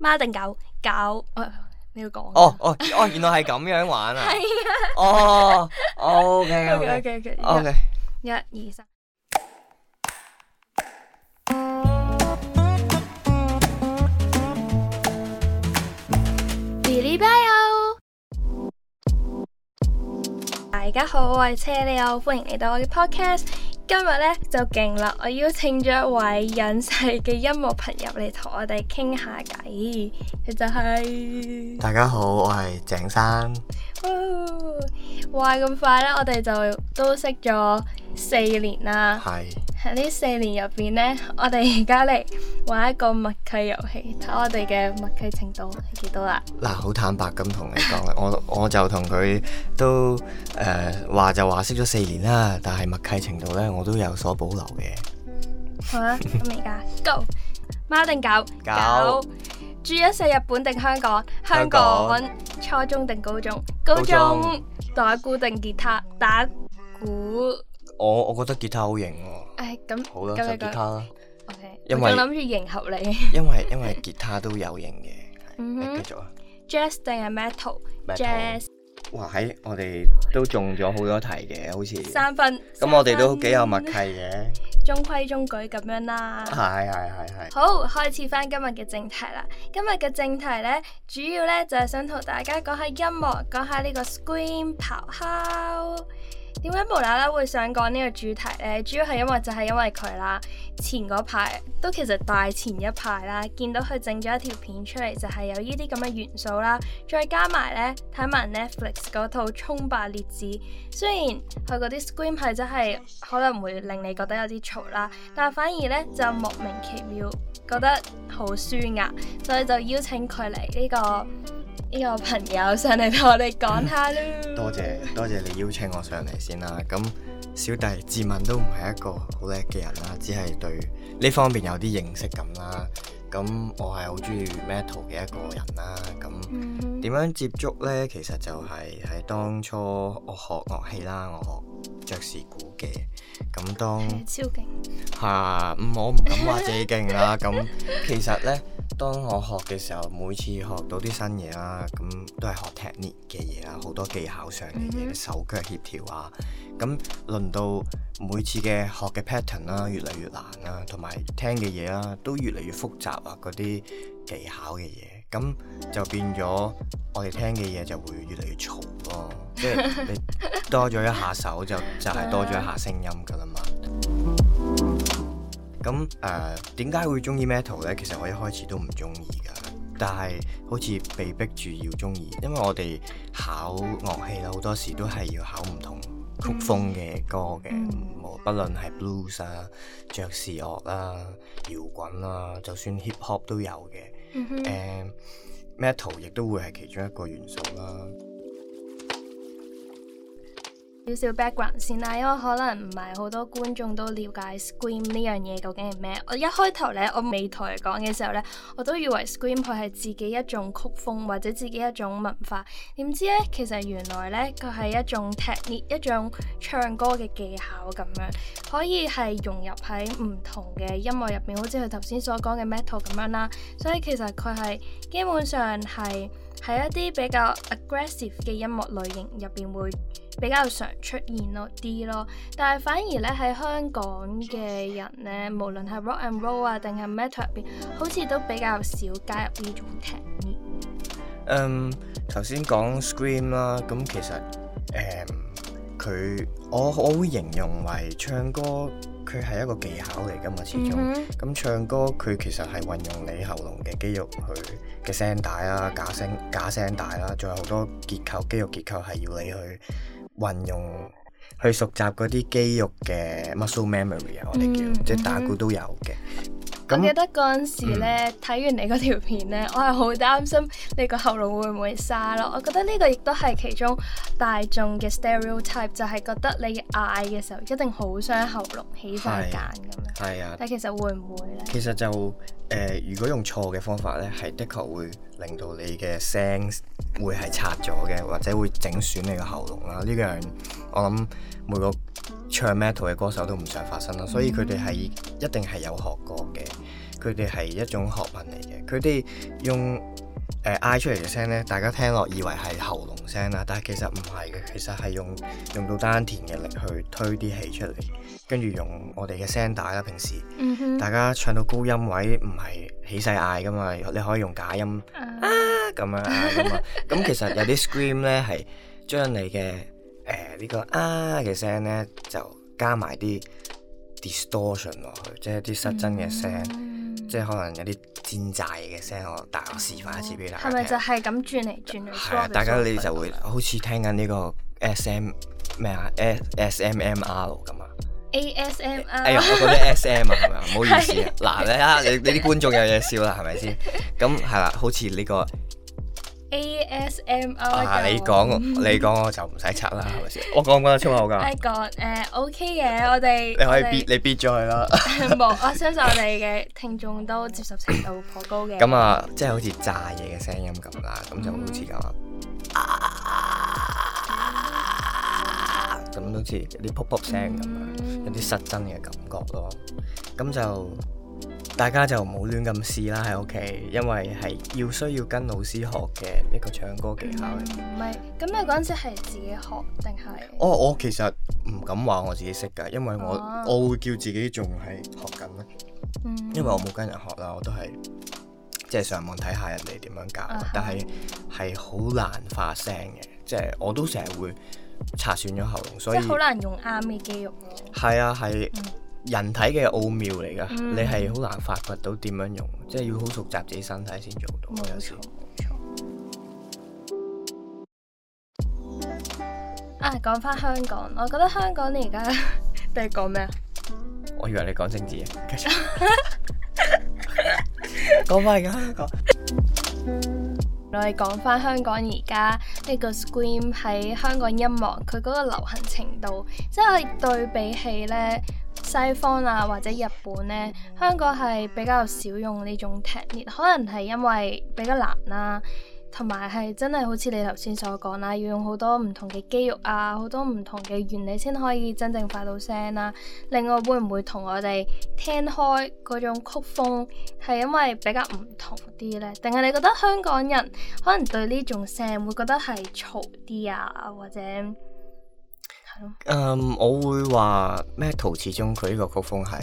貓定狗，狗、哦，你要講、哦。哦哦哦，原來係咁樣玩啊！係啊，哦，OK OK OK OK，一、二、三，嗶哩嗶哩，大家好，我係車 leo，歡迎嚟到我嘅 podcast。今日呢，就勁啦！我邀請咗一位隱世嘅音樂朋友嚟同我哋傾下偈，佢就係大家好，我係鄭生。哇咁、哦、快是呢，我哋就都識咗四年啦。係喺呢四年入邊呢，我哋而家嚟。玩一個默契遊戲，睇我哋嘅默契程度係幾多啦、啊？嗱、啊，好坦白咁同你講啦， 我我就同佢都誒話、呃、就話識咗四年啦，但係默契程度咧，我都有所保留嘅。 好啊，咁而家 go 貓定狗？狗住一世。日本定香港？香港初中定高中？高中打鼓定吉他？打鼓？我我覺得吉他好型、啊、喎。誒咁，好啦，就吉他啦。因為我諗住迎合你，因為因為吉他都有型嘅，繼續啊，jazz 定係 metal，jazz，哇，喺我哋都中咗好多題嘅，好似三分，咁我哋都幾有默契嘅，中規中矩咁樣啦，係係係係，好，開始翻今日嘅正題啦，今日嘅正題呢，主要呢就係想同大家講下音樂，講下呢個 scream 咆哮。點解無啦啦會想講呢個主題呢？主要係因為就係、是、因為佢啦，前嗰排都其實大前一排啦，見到佢整咗一條片出嚟，就係、是、有呢啲咁嘅元素啦。再加埋呢，睇埋 Netflix 嗰套《衝吧烈子》，雖然佢嗰啲 Scream 係真係可能會令你覺得有啲嘈啦，但係反而呢，就莫名其妙覺得好舒壓啊。所以就邀請佢嚟呢個呢個朋友上嚟同我哋講下啦。嗯，多謝多謝你邀請我上嚟先啦。咁小弟自問都唔係一個好叻嘅人啦，只係對呢方面有啲認識咁啦。咁我係好中意 metal 嘅一個人啦。咁點樣接觸呢？其實就係、是、喺當初我學樂器啦，我學爵士鼓嘅。咁當超勁吓、啊，我唔敢話自己勁啦。咁 其實呢。當我學嘅時候，每次學到啲新嘢啦，咁都係學 technique 嘅嘢啊，好多技巧上嘅嘢，手腳協調啊。咁輪到每次嘅學嘅 pattern 啦，越嚟越難啦，啊，同埋聽嘅嘢啦，都越嚟越複雜啊，啲技巧嘅嘢。咁就變咗我哋聽嘅嘢就會越嚟越嘈咯， 即係你多咗一下手就就係多咗一下聲音噶啦嘛。咁誒點解會中意 metal 咧？其實我一開始都唔中意噶，但係好似被逼住要中意，因為我哋考樂器啦，好多時都係要考唔同曲風嘅歌嘅，無論係 blues 啊、爵士樂啦、啊、搖滾啦、啊，就算 hip hop 都有嘅。誒、mm hmm. uh，metal 亦都會係其中一個元素啦。少少 background 先啦，因為可能唔係好多觀眾都了解 scream 呢樣嘢究竟係咩。我一開頭呢，我未同佢講嘅時候呢，我都以為 scream 佢係自己一種曲風或者自己一種文化。點知呢，其實原來呢，佢係一種 technique，一種唱歌嘅技巧咁樣，可以係融入喺唔同嘅音樂入邊，好似佢頭先所講嘅 metal 咁樣啦。所以其實佢係基本上係喺一啲比較 aggressive 嘅音樂類型入邊會。比較常出現咯啲咯，但係反而咧喺香港嘅人咧，無論係 rock and roll 啊定係 metal 入邊，好似都比較少加入呢種嘅、嗯。嗯，頭先講 scream 啦，咁其實誒佢我我會形容為唱歌佢係一個技巧嚟㗎嘛，始終咁、mm hmm. 唱歌佢其實係運用你喉嚨嘅肌肉去嘅聲帶啊、假聲假聲帶啦，仲有好多結構肌肉結構係要你去。運用去熟習嗰啲肌肉嘅 muscle memory 啊、mm，hmm. 我哋叫，即係打鼓都有嘅。我記得嗰陣時咧，睇完你嗰條片咧，mm hmm. 我係好擔心你個喉嚨會唔會沙咯。我覺得呢個亦都係其中大眾嘅 stereotype，就係覺得你嗌嘅時候一定好傷喉嚨起、起晒繭咁樣。係啊，啊但其實會唔會咧？其實就誒、呃，如果用錯嘅方法咧，係的確會。令到你嘅聲會係拆咗嘅，或者會整損你嘅喉嚨啦。呢樣我諗每個唱 metal 嘅歌手都唔想發生啦，所以佢哋係一定係有學過嘅，佢哋係一種學問嚟嘅，佢哋用。誒，嗌、呃、出嚟嘅聲咧，大家聽落以為係喉嚨聲啦，但係其實唔係嘅，其實係用用到丹田嘅力氣去推啲氣出嚟，跟住用我哋嘅聲帶啦。平時大家唱到高音位唔係起勢嗌㗎嘛，你可以用假音、uh. 啊咁樣嗌㗎嘛。咁 其實有啲 scream 咧係將你嘅誒呢個啊嘅聲咧就加埋啲 distortion 落去，即係啲失真嘅聲，uh huh. 即係可能有啲。尖債嘅聲我，大係示範一次俾大家聽。係咪就係咁轉嚟轉去？係啊，大家你就會好似聽緊呢個、SM、S, S M 咩啊 S, S m R S M R 咁啊。A S M R。哎呀，我覺得 S M 啊，係咪啊？唔好意思啊，嗱咧是的，你你啲觀眾有嘢笑啦，係咪先？咁係啦，好似呢個。A S M 啊，你講你講我就唔使拆啦，係咪先？我講唔講得出口噶？我講，誒，O K 嘅，我哋你可以嗶你嗶咗佢啦。冇，我相信我哋嘅聽眾都接受程度頗高嘅。咁啊，即係好似炸嘢嘅聲音咁啦，咁就好似咁，咁好似啲噗噗聲咁樣，有啲失真嘅感覺咯。咁就。大家就唔好亂咁試啦，喺屋企，因為係要需要跟老師學嘅一個唱歌技巧嘅。唔係、嗯，咁你嗰陣時係自己學定係？哦，我其實唔敢話我自己識噶，因為我、哦、我會叫自己仲係學緊咯，嗯、因為我冇跟人學啦，我都係即係上網睇下人哋點樣教，啊、但係係好難發聲嘅，即、就、係、是、我都成日會擦損咗喉嚨，所以好難用啱嘅肌肉。係啊，係。人體嘅奧妙嚟噶，你係好難發掘到點樣用，即係要好熟悉自己身體先做到錯。冇錯冇錯。啊，講翻香港，我覺得香港你而家，你講咩啊？我以為你講政治啊。繼續而家 講翻香港，講我哋講翻香港而家呢個 Scream 喺香港音樂，佢嗰個流行程度，即係對比起咧。西方啊或者日本呢，香港係比較少用呢種技巧，可能係因為比較難啦、啊，同埋係真係好似你頭先所講啦、啊，要用好多唔同嘅肌肉啊，好多唔同嘅原理先可以真正發到聲啦、啊。另外會唔會同我哋聽開嗰種曲風係因為比較唔同啲呢？定係你覺得香港人可能對呢種聲會覺得係嘈啲啊，或者？嗯，um, 我會話咩 Metal 始終佢呢個曲風係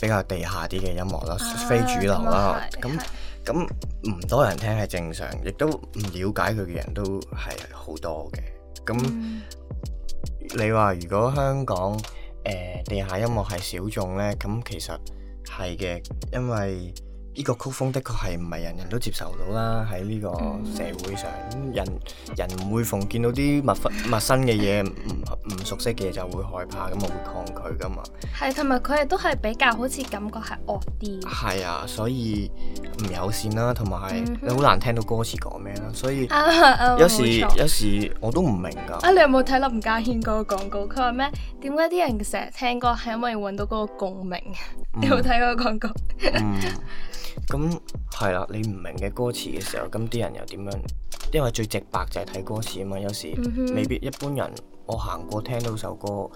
比較地下啲嘅音樂啦，啊、非主流啦，咁咁唔多人聽係正常，亦都唔了解佢嘅人都係好多嘅。咁、嗯、你話如果香港誒、呃、地下音樂係小眾呢？咁其實係嘅，因為，呢個曲風的確係唔係人人都接受到啦，喺呢個社會上，人人唔每逢見到啲陌生陌生嘅嘢，唔唔 熟悉嘅嘢就會害怕，咁啊會抗拒㗎嘛。係，同埋佢哋都係比較好似感覺係惡啲。係啊，所以唔友善啦、啊，同埋你好難聽到歌詞講咩啦，所以有時， 有時有時我都唔明㗎。啊，你有冇睇林嘉軒嗰個廣告？佢話咩？點解啲人成日聽歌係因為揾到嗰個共鳴？嗯、 有冇睇嗰個廣告？ 嗯咁係啦，你唔明嘅歌詞嘅時候，咁啲人又點樣？因為最直白就係睇歌詞啊嘛，有時未必、嗯、哼一般人我行過聽到首歌，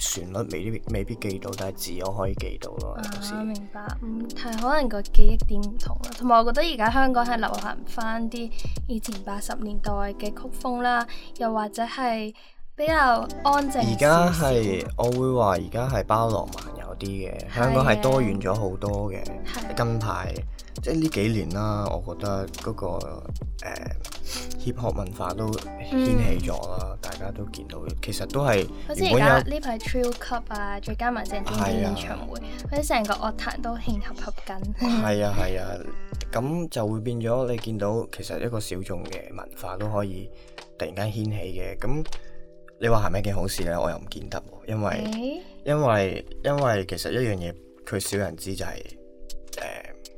旋律未必未必記到，但係字我可以記到咯。啊，有時明白，係、嗯、可能個記憶點唔同咯。同埋我覺得而家香港係流行翻啲以前八十年代嘅曲風啦，又或者係。比較安靜。而家係，我會話而家係包羅萬有啲嘅，啊、香港係多元咗好多嘅。啊、近排即係呢幾年啦，我覺得嗰、那個誒 Hip-Hop 文化都掀起咗啦，嗯、大家都見到，其實都係好似而家呢排 Chill Club 啊，再加埋鄭中基演唱會，好成、啊、個樂壇都慶合合緊。係啊係啊，咁、啊啊 啊、就會變咗你見到，其實一個小眾嘅文化都可以突然間掀起嘅，咁。你話係咪件好事呢？我又唔見得，因為、欸、因為因為其實一樣嘢佢少人知就係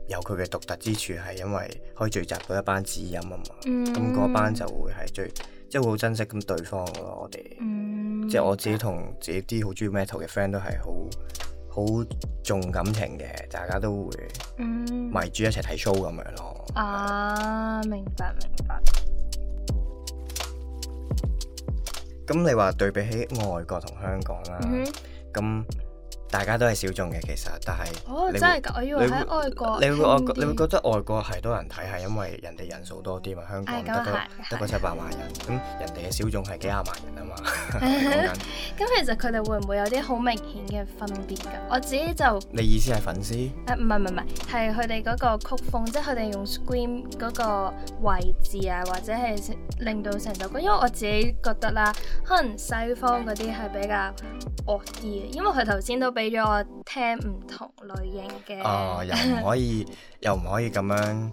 有佢嘅獨特之處係因為可以聚集到一班知音啊嘛，咁嗰、嗯、班就會係最即係會好珍惜咁對方咯，我哋，嗯、即係我自己同自己啲好中意 metal 嘅 friend 都係好好重感情嘅，大家都會迷住一齊睇 show 咁、嗯、樣咯。啊的明，明白明白。咁你話對比起外國同香港啦，咁、mm。Hmm. 大家都係小眾嘅其實，但係哦，真係㗎！會我以為喺外國你會覺，你會覺得外國係多人睇，係因為人哋人數多啲嘛？香港得個得個七百萬人，咁、嗯、人哋嘅小眾係幾十萬人啊嘛，咁其實佢哋會唔會有啲好明顯嘅分別㗎？我自己就，你意思係粉絲啊？唔係唔係係佢哋嗰個曲風，即係佢哋用 scream 嗰個位置啊，或者係令到成首歌。因為我自己覺得啦，可能西方嗰啲係比較惡啲嘅，因為佢頭先都，俾咗我聽唔同類型嘅，哦，又唔可以，又唔可以咁樣，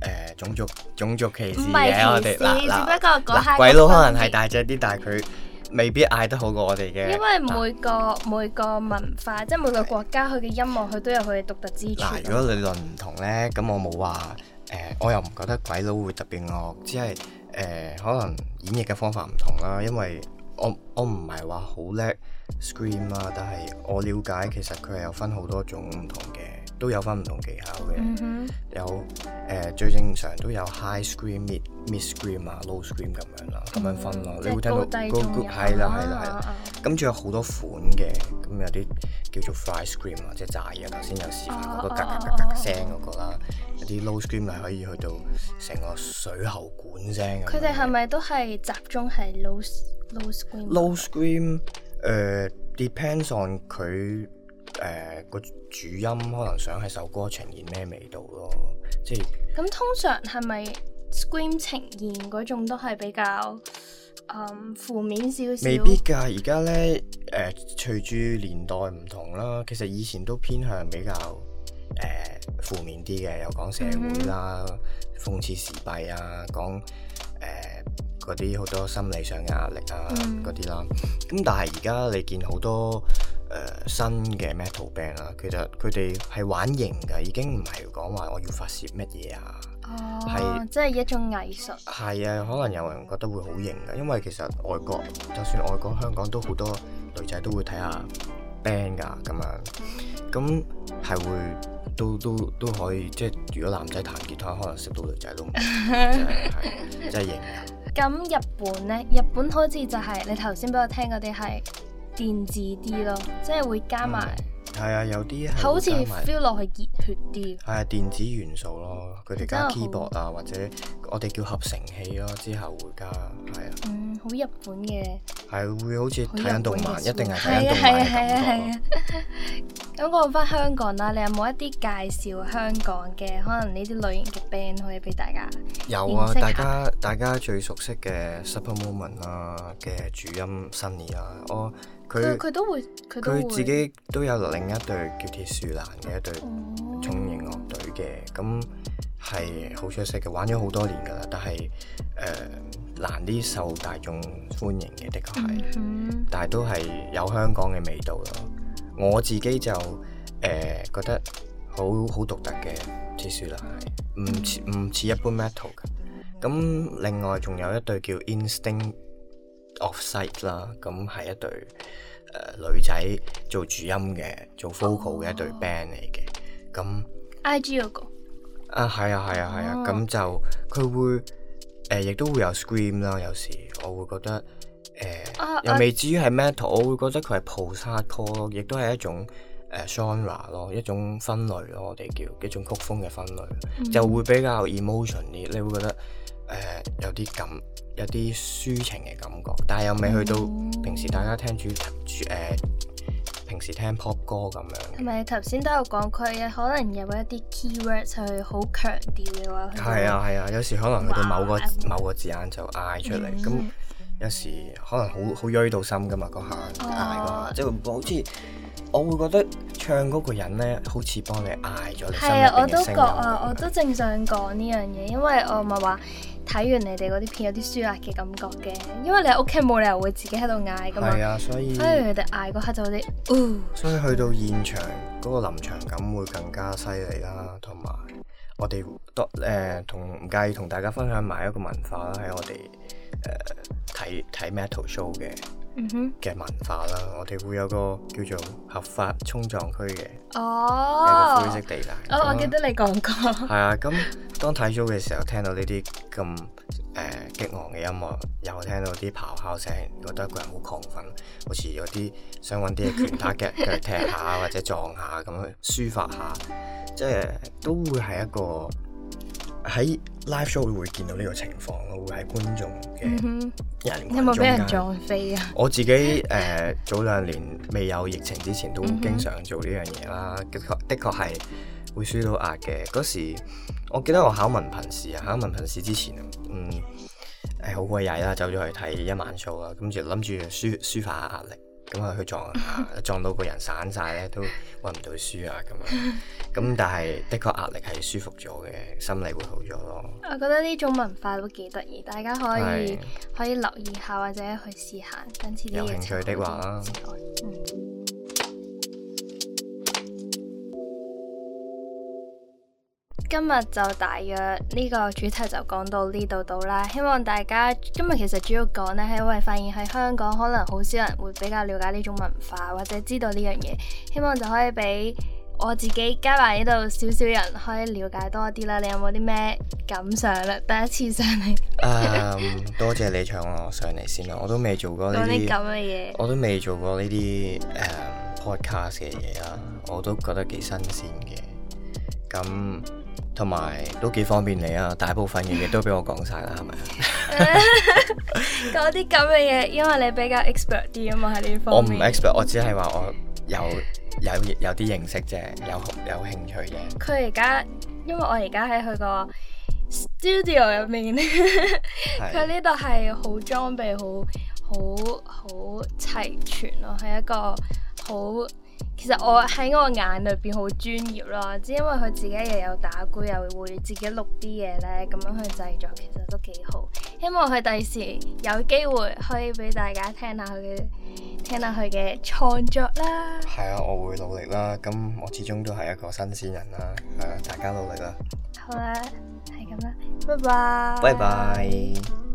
誒，種族種族歧視嘅，我哋嗱，只不過鬼佬可能係大隻啲，但係佢未必嗌得好過我哋嘅。因為每個每個文化，即係每個國家佢嘅音樂，佢都有佢嘅獨特之處。嗱，如果理論唔同咧，咁我冇話，誒，我又唔覺得鬼佬會特別惡，只係，誒，可能演繹嘅方法唔同啦，因為。我我唔係話好叻 scream 啊，但係我了解其實佢係有分好多種唔同嘅，都有分唔同技巧嘅。有誒最正常都有 high scream、mid mid scream 啊、low scream 咁樣啦，咁樣分咯。你會聽到高低中音啊。係啦係啦係啦，咁仲有好多款嘅，咁有啲叫做 fry scream 啊，即係炸嘢，頭先有示範嗰個格格格格聲嗰個啦，有啲 low scream 咪可以去到成個水喉管聲。佢哋係咪都係集中係 low？Low scream，誒、uh, depends on 佢誒個主音，可能想喺首歌呈現咩味道咯，即係。咁通常係咪 scream 呈現嗰種都係比較嗯負面少少？未必㗎，而家咧誒隨住年代唔同啦，其實以前都偏向比較誒負面啲嘅，有講社會啦、諷刺時弊啊，講誒。嗰啲好多心理上嘅壓力啊，嗰啲、嗯、啦，咁但係而家你見好多誒、呃、新嘅 metal band 啊，其實佢哋係玩型嘅，已經唔係講話我要發泄乜嘢啊，哦，係是即係一種藝術。係啊，可能有人覺得會好型嘅，因為其實外國，就算外國香港都好多女仔都會睇下 band 噶咁樣，咁係會都都都可以，即係如果男仔彈吉他，可能識到女仔都唔少，真係真係型。咁日本咧，日本好似就係、是、你頭先俾我聽嗰啲係電子啲咯，即係會加埋。係啊，有啲係好似 feel 落去熱血啲。係啊，電子元素咯，佢哋加 keyboard 啊，或者我哋叫合成器咯，之後會加，係啊。嗯，好日本嘅。係啊，會好似睇緊動漫，一定係睇緊動漫。係啊，係啊，係啊，咁講翻香港啦，你有冇一啲介紹香港嘅 可能呢啲類型嘅 band 可以俾大家？有啊，大家大家最熟悉嘅 Super Moment 啊嘅主音 Sunny 啊，我。佢佢都會佢自己都有另一隊叫鐵樹蘭嘅一隊重型樂隊嘅，咁係好出色嘅，玩咗好多年噶啦，但係誒、呃、難啲受大眾歡迎嘅，的確係，mm hmm. 但係都係有香港嘅味道咯。我自己就誒、呃、覺得好好獨特嘅鐵樹蘭係，唔唔似一般 metal 嘅。咁另外仲有一隊叫 Instinct。Offsite 啦，咁係一隊誒、呃、女仔做主音嘅，做 vocal 嘅一隊 band 嚟嘅。咁 Ig 嗰、那個啊，係啊，係啊，係啊。咁、哦、就佢會誒，亦、呃、都會有 scream 啦。有時我會覺得誒，呃 uh, 又未至於係 metal，uh, 我會覺得佢係 post-hardcore 亦都係一種誒、uh, genre 咯，一種分類咯，我哋叫一種曲風嘅分類，嗯、就會比較 emotion 啲，你會覺得。誒、呃、有啲感，有啲抒情嘅感覺，但係又未去到平時大家聽住住、嗯呃、平時聽 pop 歌咁樣。同埋頭先都有講佢可能有一啲 keyword 去好強調話啊。係啊係啊，有時可能去到某個哇某個字眼就嗌出嚟，咁、嗯、有時可能、哦、好好哀到心噶嘛嗰下嗌嗰，即係好似我會覺得唱嗰個人咧，好似幫你嗌咗。係啊，我都覺啊，我都正想講呢樣嘢，因為我咪話。睇完你哋嗰啲片有啲舒壓嘅感覺嘅，因為你喺屋企冇理由會自己喺度嗌㗎嘛，係啊，所以佢哋嗌嗰刻就好啲。呃、所以去到現場嗰、嗰個臨場感會更加犀利啦，同埋我哋都誒同唔介意同大家分享埋一個文化啦，喺我哋誒睇睇 Metal Show 嘅。嘅文化啦，我哋會有個叫做合法衝撞區嘅，哦，灰色地帶、哦。地嗯、哦，我記得你講過。係啊、嗯，咁、嗯嗯嗯、當睇咗嘅時候，聽到呢啲咁誒激昂嘅音樂，又聽到啲咆哮聲，覺得一個人好亢奮，好似有啲想搵啲拳打腳，腳踢下或者撞下咁去抒發下，即係都會係一個係。Live show 會見到呢個情況，會喺觀眾嘅人羣中間有冇俾人撞飛啊？我自己誒、呃、早兩年未有疫情之前都經常做呢樣嘢啦，的確的確係會輸到壓嘅。嗰時我記得我考文憑試，考文憑試之前，嗯誒好鬼曳啦，走、哎、咗去睇一晚數啊，跟住諗住抒抒發下壓力。咁啊去撞下， 撞到個人散晒，咧，都揾唔到書啊咁啊！咁 但係，的確壓力係舒服咗嘅，心理會好咗咯。我覺得呢種文化都幾得意，大家可以是可以留意下或者去試下，跟似有興趣的話。今日就大約呢個主題就講到呢度度啦。希望大家今日其實主要講呢，係因為發現喺香港可能好少人會比較了解呢種文化或者知道呢樣嘢。希望就可以俾我自己加埋呢度少少人可以了解多啲啦。你有冇啲咩感想咧？第一次上嚟，um, 多謝你唱我，我上嚟先啦，我都未做過呢啲咁嘅嘢，我都未做過呢啲誒 podcast 嘅嘢啊。我都覺得幾新鮮嘅，咁。同埋都幾方便你啊！大部分嘅嘢都俾我講晒啦，係咪啊？啲咁嘅嘢，因為你比較 expert 啲啊嘛，喺呢方面。我唔 expert，我只係話我有有有啲認識啫，有有興趣嘅。佢而家因為我而家喺佢個 studio 入面，佢呢度係好裝備，好好好齊全咯，係一個好。其實我喺我眼裏邊好專業咯，只因為佢自己又有打鼓，又會自己錄啲嘢呢。咁樣去製作，其實都幾好。希望佢第時有機會可以俾大家聽下佢聽下佢嘅創作啦。係啊，我會努力啦。咁我始終都係一個新鮮人啦，係啊，大家努力啦。好啦，係咁啦，拜拜。拜拜。